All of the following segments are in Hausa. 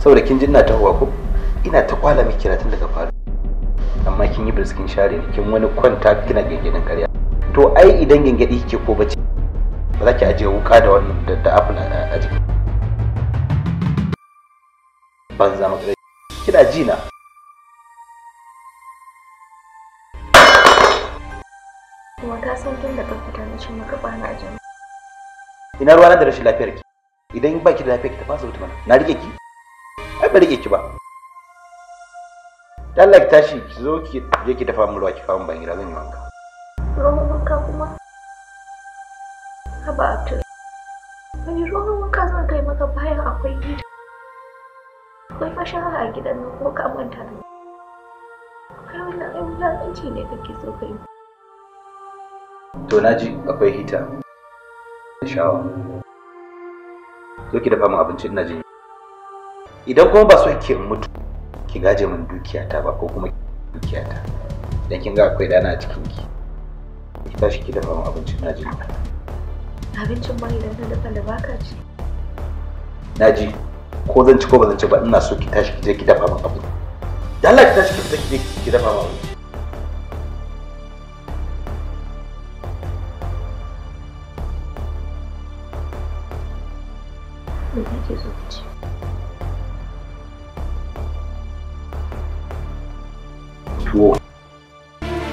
saboda kin jinna ta huwa ko ina ta kwala miki tun daga faru amma kin yi birskin share ne kin wani kwanta kina gangenin karya to ai idan gangadi kike ko bace ba za ki aje wuka da wannan da da apple a jiki ban zama kare kina ji na kuma ta san tun da ka fita na cin maka bana a jami'a ina na da rashin lafiyar ki idan ba ki da lafiyar ki ta fasa wuta mana na rike ki ai ba rike ki ba dan like tashi ki zo ki je ki dafa min ruwa ki fama ban gida zan yi wanka ruwan wanka kuma haba abdul wani ruwan wanka zan kai maka bayan akwai gida akwai mashahara a gidan nan ko ka manta da kai wannan ai wulaƙanci ne kake so kai to na ji akwai hita da shawa zo ki dafa min abinci ina idan kuma ba so ke mutu ki gaje min dukiyata ba ko kuma dukiyata dan kin ga akwai dana a cikin ki ki tashi ki dafa abincin naji abincin ba idan na dafa da baka ci naji ko zan ci ko ba zan ci ba ina so ki tashi ki je ki dafa min dan Allah ki tashi ki je ki dafa min abinci.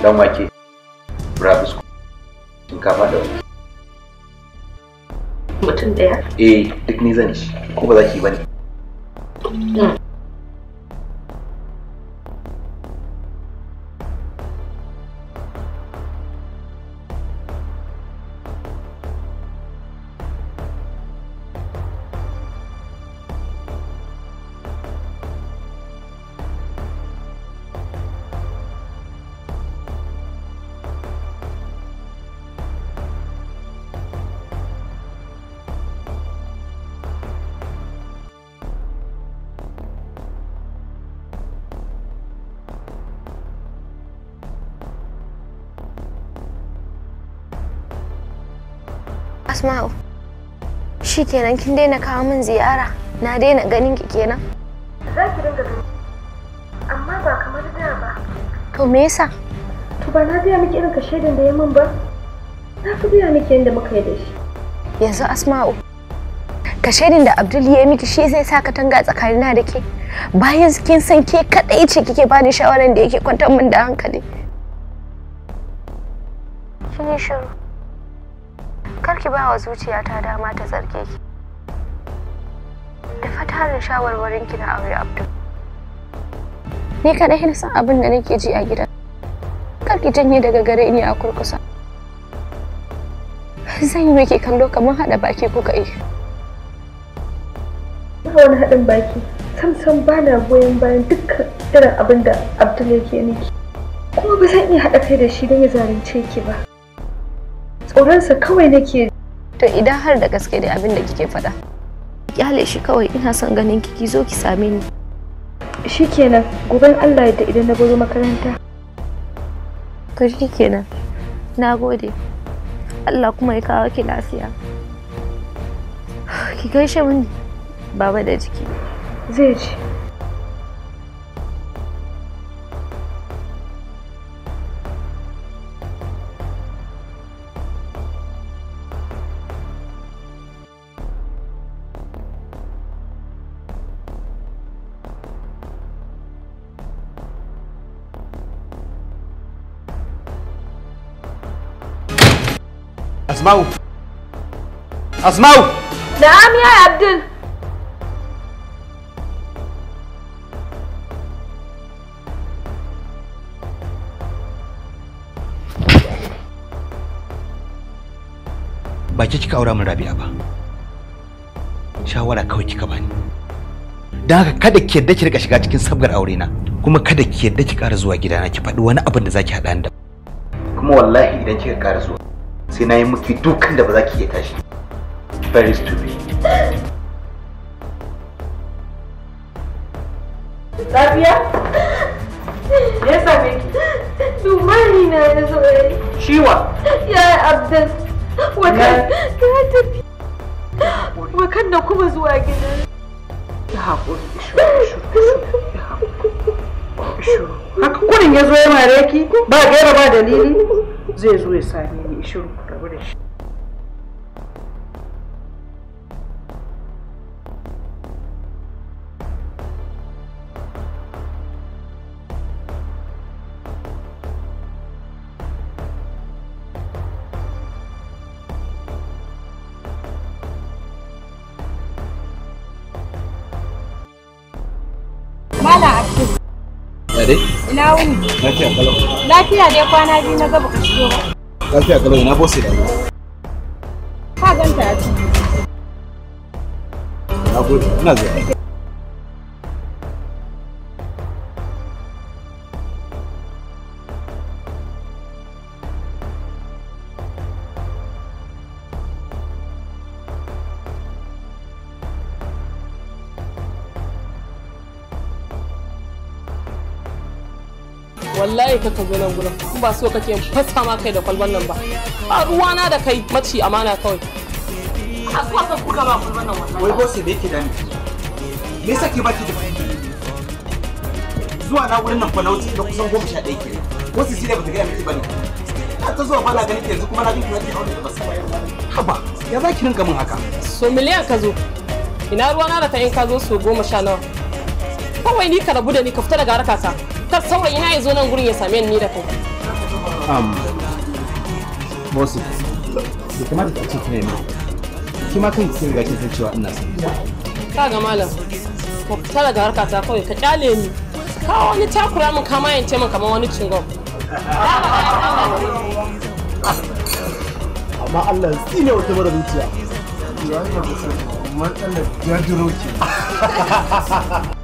dan wake brabus mutum eh duk ni zan ci ko ba za bane Shi kenan kin daina kawo min ziyara, na daina ganin ki kenan. Za ki dinga gani, amma ba kamar da ba. To me yasa? To ba na biya miki irin kashe da ya min ba. Na fi biya miki yadda muka yi da shi. Yanzu Asma'u, ka shaidan da Abdul ya miki shi zai sa tsakanin tsakanina da ke. Bayan kin san ke kadai ce kike bani shawaran da yake kwantar min da hankali. Kin yi shiru. kar ki ba wa zuciyata dama ta zarge ki da fatarin shawarwarin ki na aure abdul ni kadai ne san abin da nake ji a gidan kar ki janye daga gare ni a kurkusa zan yi miki kallo kamar hada baki kuka yi ba wani haɗin baki sam sam ba na goyon bayan dukkan irin abin da abdul yake niki kuma ba zan iya haɗa kai da shi don ya zalunce ki ba tsoronsa kawai nake to idan har da gaske da abin da kike faɗa kyale shi kawai ina son ganin kiki zo ki same ni shikenan goben Allah da idan na baro makaranta to shikenan na gode Allah kuma ya kawo ki lafiya ki gaishe mini baba da jiki zai ci Asma'u. اسمعوا نعم يا Ba ki kika aura min Rabi'a ba. Shawara kawai kika bani. dan haka kada ki yarda ki rika shiga cikin sabgar aure na kuma kada ki yarda ki ƙara zuwa gidana ki faɗi wani abin da zaki haɗa da. Kuma wallahi idan kika ƙara zuwa sai na yi muke dukan da ba za ki iya tashi very stupid lafiya ya same ki dumani na ya zo ciwa ya yi abdul wakan ta tafi wakan na kuma zuwa gidan ya haƙuri haka kunin ya zo ya mare ki ba gaira ba dalili zai zo ya same ni shiru rabu da shi dai? Ina wuni. Lafiya kalau. Lafiya dai kwana biyu na gaba ka shigo ba. Lafiya kalau ina bose da Ka ganta a Na gode, ina ka ka zo nan gurin in ba so kake fasa ma kai da kwalban nan ba a ruwana da kai maci amana kawai a so ka kuka ba kwalban nan wannan wai bosi me yake da ni me yasa ke baki da zuwa na gurin nan fa na da kusan goma sha ɗaya ke. wasu shi ne ba ta gaya miki ba ne har ta zuwa bala ganin yanzu kuma na jin kuma ta da basu bayar haba ya za ki rinka min haka so miliyan ka zo ina ruwana da ta in ka zo so goma sha nawa kawai ni ka rabu da ni ka fita daga harkata kar saurayi na ya zo nan gurin ya same ni da kai um bosu da kamata ki ce kina ki ma kai kin ga kin san cewa ina son ka ga malam ka fita daga harka ta kawai ka kyale ni ka wani takura min kama yance min kamar wani cingam amma Allah ya tsine wata mara zuciya ya jiro ki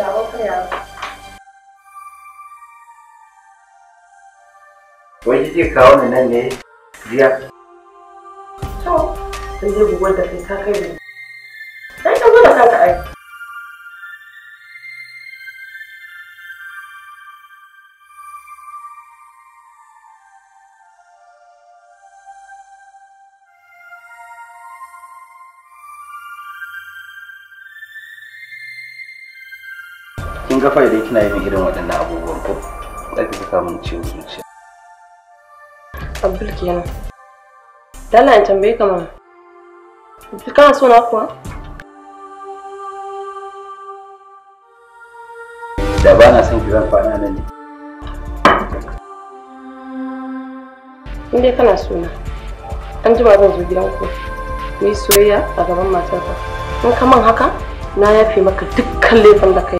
Bravo, criança. Wai kika nan ne jiya? To, sai ta zo da kin gafa idan kina yin irin waɗannan abubuwan ko za ki saka mun ciwo zuciya abdul kenan dala in tambaye ka mana kana so na kuwa da ba na son ki zan kwana nan ne in dai kana so na an jima zan zo gidan ku mu yi soyayya a gaban matarka in ka man haka na yafe maka dukkan laifin da kai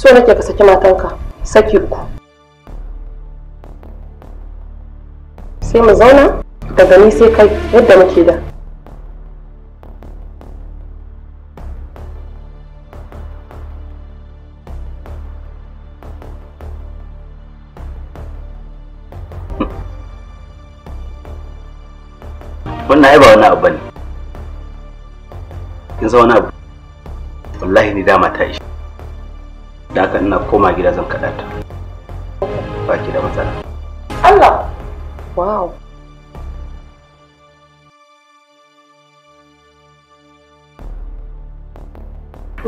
so nake ka saki matanka saki uku sai mu zauna daga ni sai kai yadda muke da wannan ai ba wani abu bane kin zauna wallahi ni dama ta yi da haka ina koma gida zan kaɗa ta ba ki da matsala Allah wow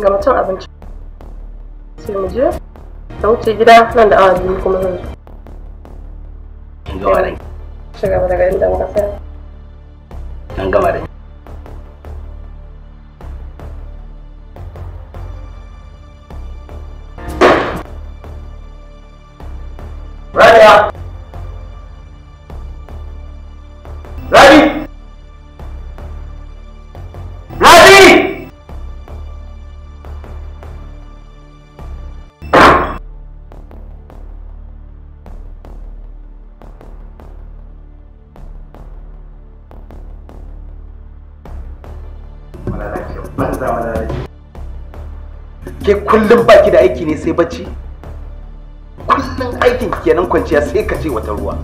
ga mutum abinci sai mu je ta wuce gida nan da awa biyu kuma zan zo in gama da shiga daga inda muka tsaya an gama da ni ke kullum baki da aiki ne sai bacci kullum aikin kenan kwanciya sai ka ce wata ruwa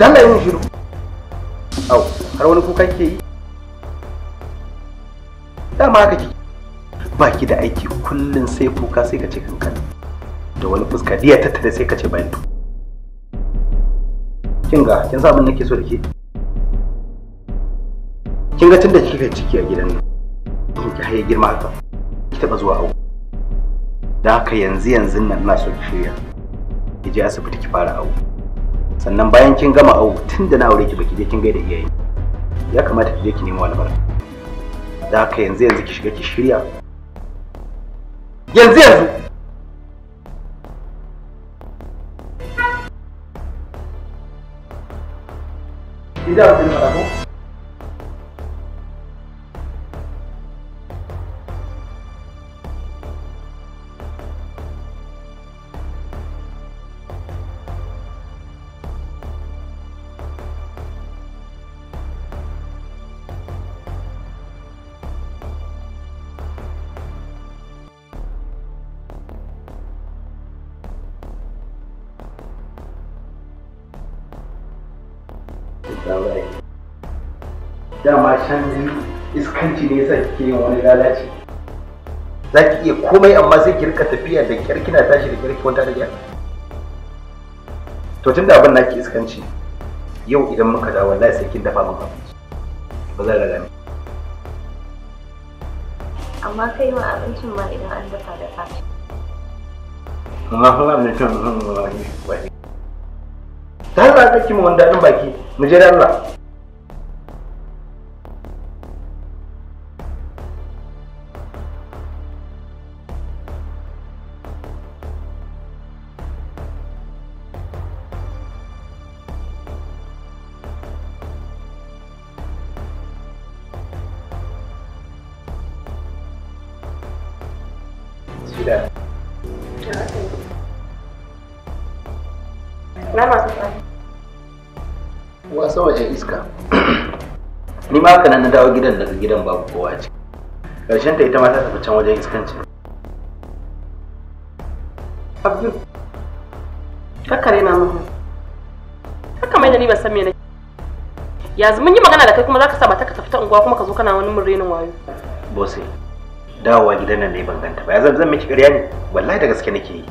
dan da yin shiru au har wani kuka ke yi dama haka ki baki da aiki kullum sai kuka sai ka ce kankan da wani fuska diya tattare sai ka ce bayan to kin ga kin sa abin nake so da ke kin ga tunda kika ciki a gidan nan ki har ya girma haka ki taba zuwa awo da haka yanzu yanzu nan ina so ki shirya ki je asibiti ki fara awo sannan bayan kin gama awo tun da na aure ki baki je kin gaida iyaye ya kamata ki je ki nemo albarka da haka yanzu yanzu ki shiga ki shirya yanzu yanzu Idan kun fara ko? me yasa kike yin wani lalaci za ki iya komai amma sai ki rika tafiya da kyar kina tashi da kyar ki kwanta da kyar to tunda abin na ki iskanci yau idan muka dawo wallahi sai kin dafa min abinci ba zan raga ni amma kai ma abincin ma idan an dafa da fashi amma kuma mutum wani wani ta za ka kima wanda baki mu je da Allah Na masu Wasa wajen iska. Ni ma haka nan na dawo gidan daga gidan babu kowa ce. Karshen ta ita ma ta tafi can wajen iskanci. Abdul, kakkare na mahu. Haka mai da ni ba san me nake. Yanzu mun yi magana da kai kuma za ka sa ba ta ka tafi ta unguwa kuma ka zo kana wani mun renin wayo. Bose. dawowa gidan nan ne ban ganta ba yanzu zan miki ƙarya ne wallahi da gaske nake yi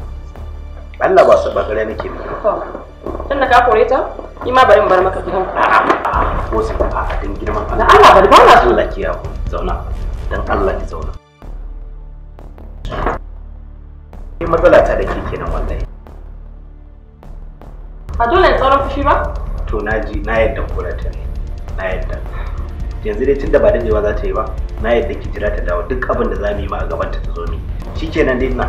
Allah ba su ba ƙarya nake miki tun da ka kore ta ni ma bari in bar maka gidan ku a'a ko sai a'a din girman Allah Allah bari ba na Allah ki yawo zauna dan Allah ki zauna ni matsala ta da ke kenan wallahi a dole in tsoron fushi ba to na ji na yadda kura ta ne na yadda yanzu dai tunda ba dadewa za ta yi ba na yadda ki jira ta dawo duk abin da za mu yi ma a gaban ta zo mi shikenan dai na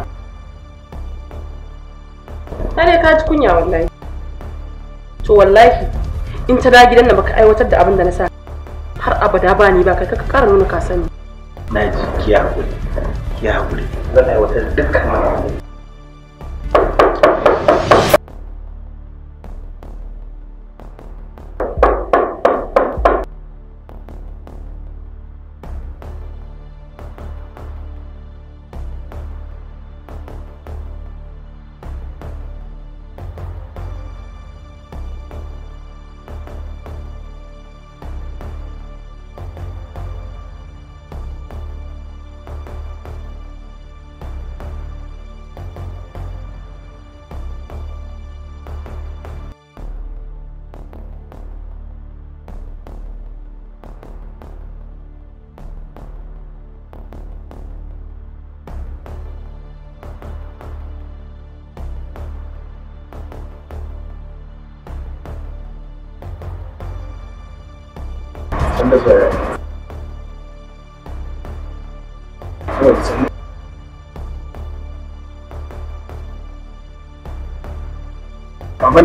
Kare ka ji kunya wallahi. To wallahi in ta da gidan nan baka aiwatar da abin da na sa har abada ba ni ba kai ka kara nuna ka sani. Na ji ki hakuri. Ki hakuri. Zan aiwatar dukkan abin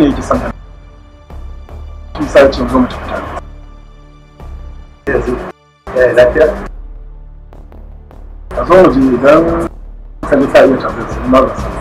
ne yake son ɗan shi sa ya ce zo mu tafi tare yanzu ya eh, yi lafiya a zo mu je idan sani sa iya tafiya su ma ba sani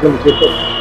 根的接受。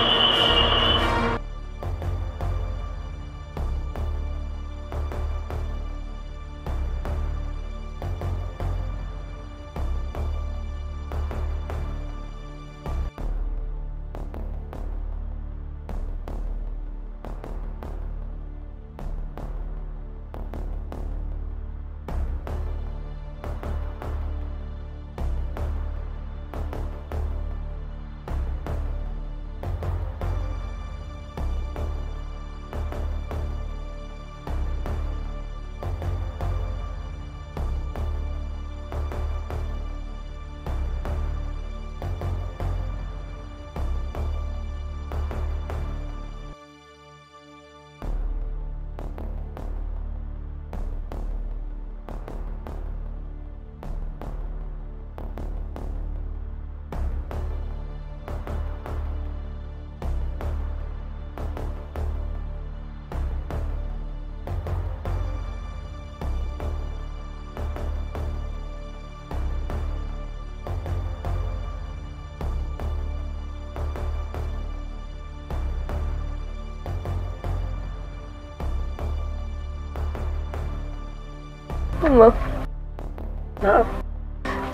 kuma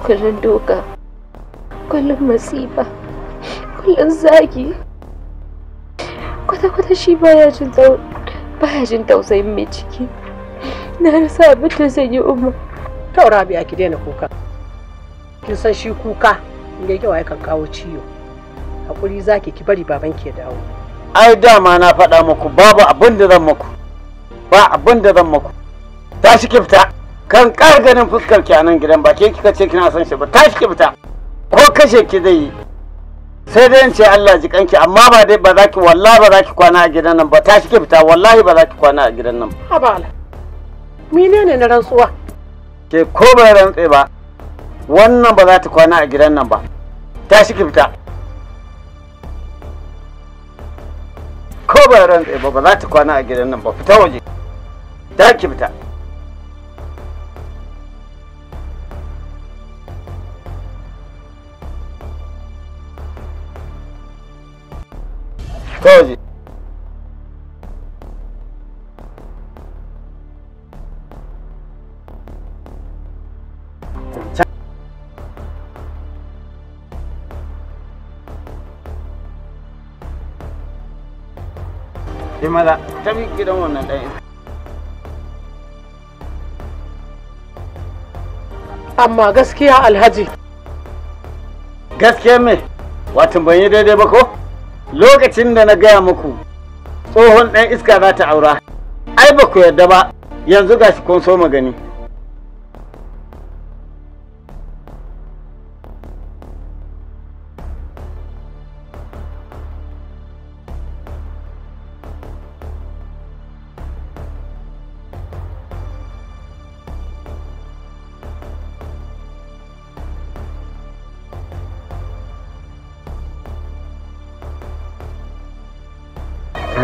kullum doka kullum masifa kullum zagi kwata-kwata shi baya jin jin tausayin mai ciki na rasa abin da zan yi umma taura biya ki daina kuka kin san shi kuka in ya yawa yakan kawo ciwo hakuri zaki ki bari baban ke dawo ai dama na faɗa muku babu abin da zan muku ba abin da zan muku tashi ki fita kan ƙar ganin fuskar ki a nan gidan ba ke kika ce kina son shi ba tashi ki fita ko kashe ki zai yi sai dai ce Allah ji kanki amma ba dai ba za ki wallahi ba za ki kwana a gidan nan ba tashi ki fita wallahi ba za ki kwana a gidan nan ba ba menene na rantsuwa ke ko ba rantsi ba wannan ba za ta kwana a gidan nan ba tashi ki fita ko ba rantsi ba ba za ta kwana a gidan nan ba fita waje ta ki fita कहो जी maza tafi gidan wannan ɗayan. Amma gaskiya alhaji. Gaskiya me? Watan ban yi daidai ba ko? lokacin da na gaya muku tsohon ɗan iska za ta aura ai ba ku yarda ba yanzu gashi kun so magani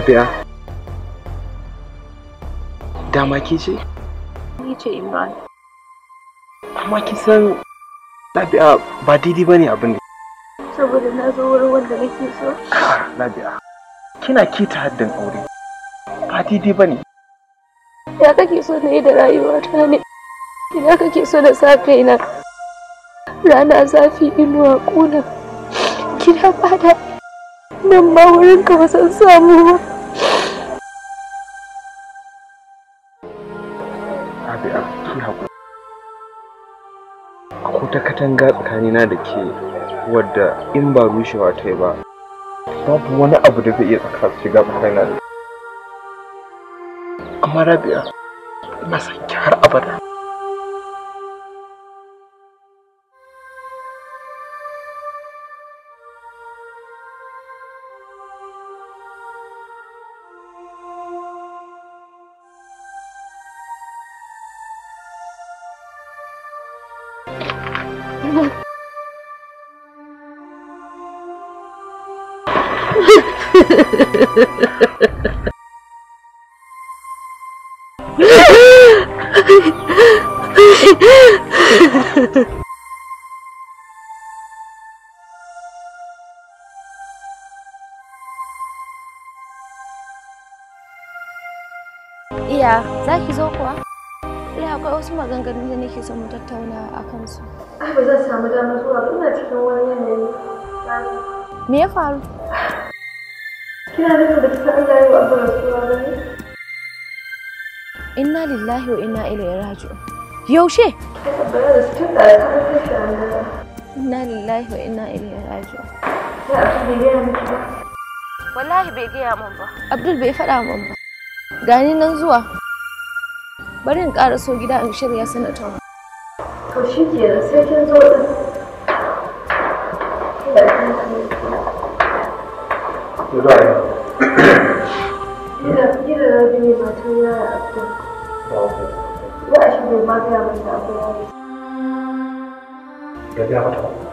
Rabi'a. Dama ki ce? Ni ce Imran. Amma ki san Rabi'a ba daidai bane abin da. Saboda na zo wurin wanda nake so. Rabi'a, kina keta haddin aure. Ba daidai bane. Ya kake so na yi da rayuwata ne? Ina kake so da safe ina? Rana zafi inuwa kuna. Gida bada. nan ba wurin ba san samu ba. wata katanga na da ke wadda in ba rushewa ta yi ba babu wani abu da zai iya tsaka shiga tsakanina da amma rabia ba san kyar har abada Iya, za ki zo kuwa? Ina eh, akwai wasu maganganu da nake son mu tattauna a kansu. Ai, ba zan samu damar zuwa ina cikin wani yanayi. Me ya faru? Kina nufin da kika Allah yi wa Allah rasuwa ba ne? inna lillahi wa inna ilaihi raji'un yaushe inna lillahi wa inna ilaihi raji'un wallahi bai gaya min ba abdul bai faɗa min ba gani nan zuwa bari in ƙara so gida in shirya sanatar to shi ke sai kin zo din Ina da matan yara Ko a shi bai ma akwai yaro. Ya gaya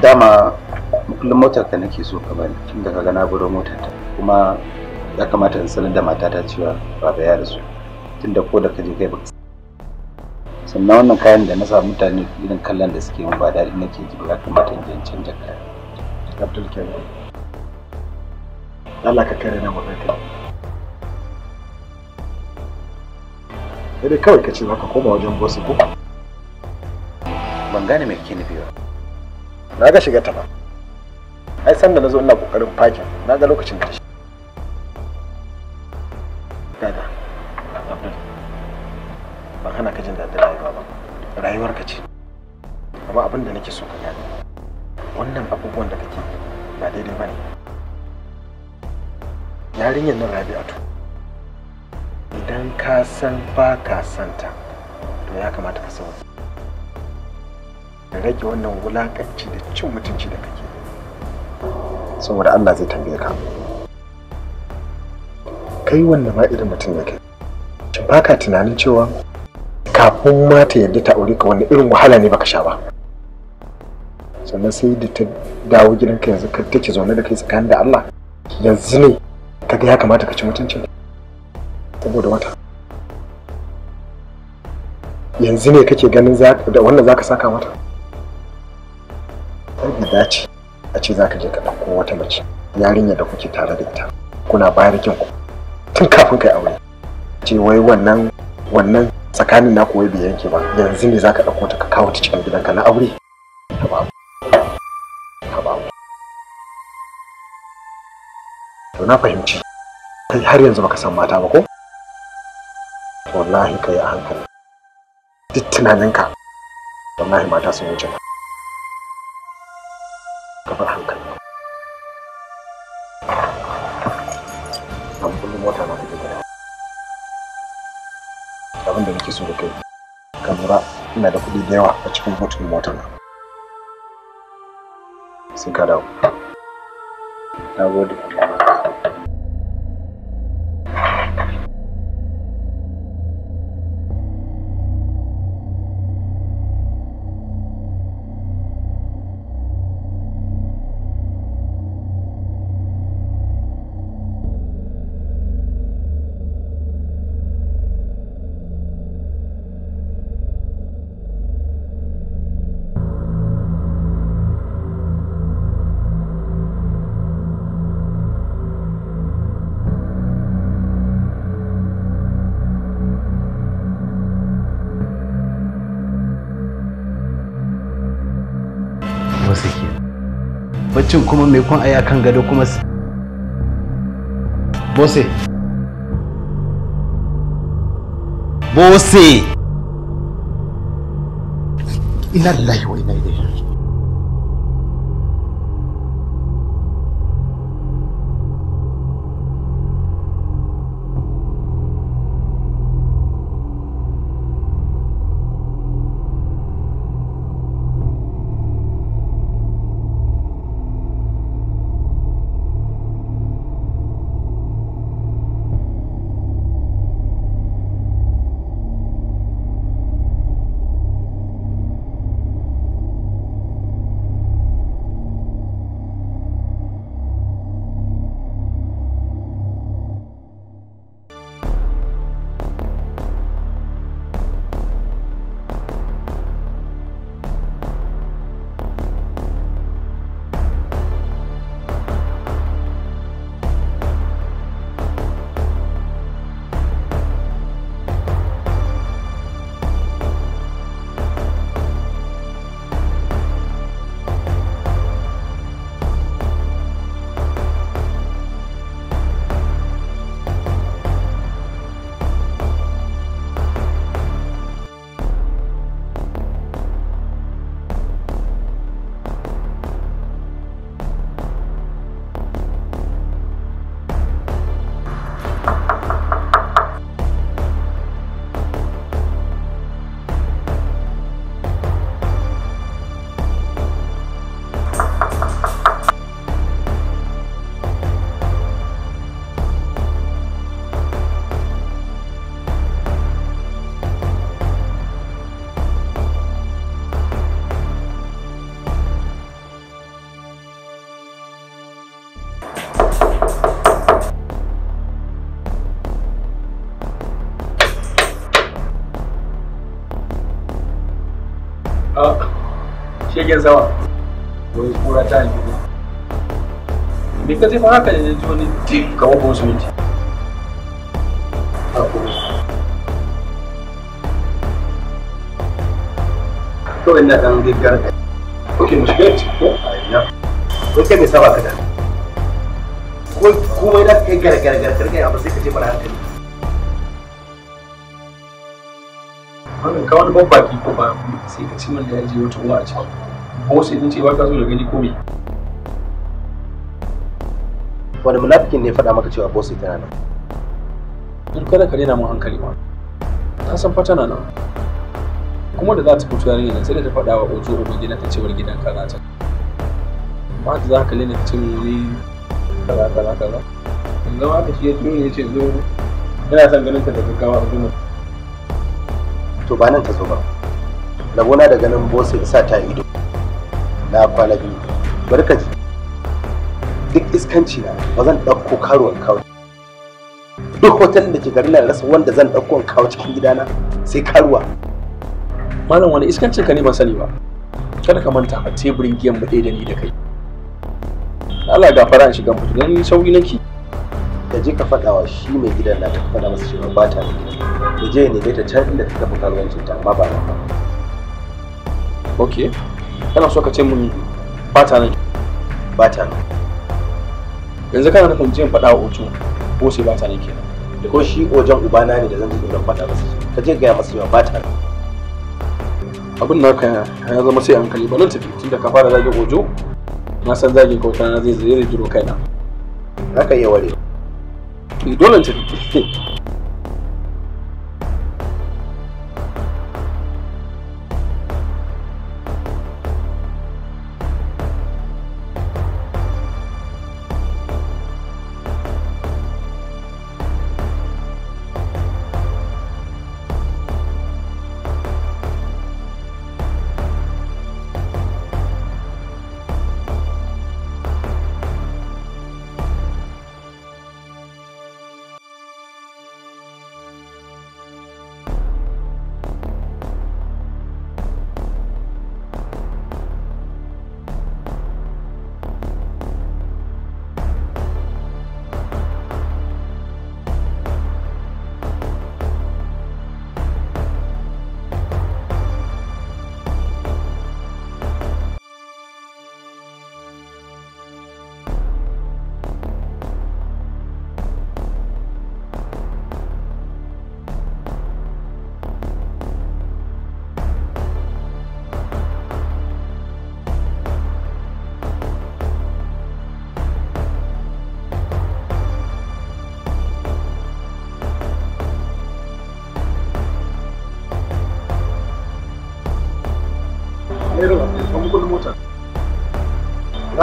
dama kullum motar ka nake so ka bani tunda kaga na gudo motar ta kuma ya kamata in sanar da matata cewa baba ya rasu tunda ko da kaje kai baka sannan wannan kayan da na sa mutane irin kallon da suke mun ba daɗi nake ji ba ya kamata in je canja kaya Abdul Karim Allah ka kare na wadata sai dai kawai ka ce za ka koma wajen bosu ko ban gane mai kini nufi ba na ga shiga ta ba ai san da zo ina kokarin fakin na ga lokacin karshe rage wannan wulakanci da cin mutunci da kake saboda Allah zai tambaye ka kai wanda ma irin mutum ne kai shin baka tunanin cewa kafin ma ta yarda ta aure ka wani irin wahala ne baka sha ba sannan sai da ta dawo gidanka yanzu ka take zaune da kai tsakanin da Allah yanzu ne kaga ya kamata ka ci mutuncin saboda wata yanzu ne kake ganin da wannan zaka saka mata ai dace a ce za ka je ka ɗauko wata mace yarinya da kuke tare da ita kuna kin ku tun kafin kai aure ce wai wannan wannan tsakanin na koyi bai yanke ba yanzu ne za ka ɗauko ta ka kawo ta cikin gidanka na aure to na fahimci kai har yanzu baka san mata ba ko wallahi kai a hankali duk tunaninka wallahi mata sun wuce ba surukai ka lura ina da kuɗi da yawa a cikin hotun motar nan sai ka dawo na gode baccin kuma mai kun aya kan gado kuma bose bose ina lillahi wa ina ilaihi jirgin sama wai kura ta aljihu me ka tafi haka ne ji wani tip kamar ko su minti kawai na dan gaggar da kuke mu shiga ciki ko a ina wai kai mai saba ka da ko kuma idan kai gargar kai abu sai ka ce mara hankali wannan kawai babba ki ko ba sai ka ci min da yaji wata uwa a ciki ko sai din ce ba ka so da gani ko wani munafikin ne faɗa maka cewa bosi tana nan in kada ka daina mun hankali ma ta san fata na nan kuma da za ta fito yarinya nan sai da ta faɗa wa ojo uban gina ta cewar gidan ka nata ba ta za ka lina ta ce wani kaza kaza kaza in zama ka shi ya ciwo ya ce zo Yana son ganin ka da gaggawa a gudunar to ba nan ta zo ba rabona da ganin bosi sa ta ido na kwana biyu bari ka ji duk iskanci na ba zan ɗauko karuwan kawo duk hotel da ke garin na rasa wanda zan ɗauko kawo cikin gidana sai karuwa malam wani iskancin ka ne ban sani ba kada ka manta a teburin giyan mu da ni da kai Allah gafara in shiga mutu ni sauri nake da je ka faɗawa shi mai gidan na ta fada masa cewa ba ta da da je ta can inda ta tafi karuwancin ta amma ba na ba okay kana so ka ce mun bata ta nan ba nan yanzu kana nufin jin faɗa wa ojo ko sai bata nan kenan da ko shi ojan ubana ne da zan ji tsoron faɗa masa ka je gaya masa cewa bata nan abin ka ya zama sai an kalli balon tafi da ka fara zagin ojo na san zagin kauta na zai zai jiro kaina haka iya ware eh, dole tafi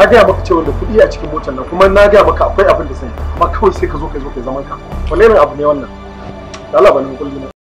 na gaya maka cewa da kuɗi a cikin motar nan kuma na gaya maka akwai abin da sai yi amma kawai sai ka zo ka zo ka zaman ka wallahi abu ne wannan Allah bani kullum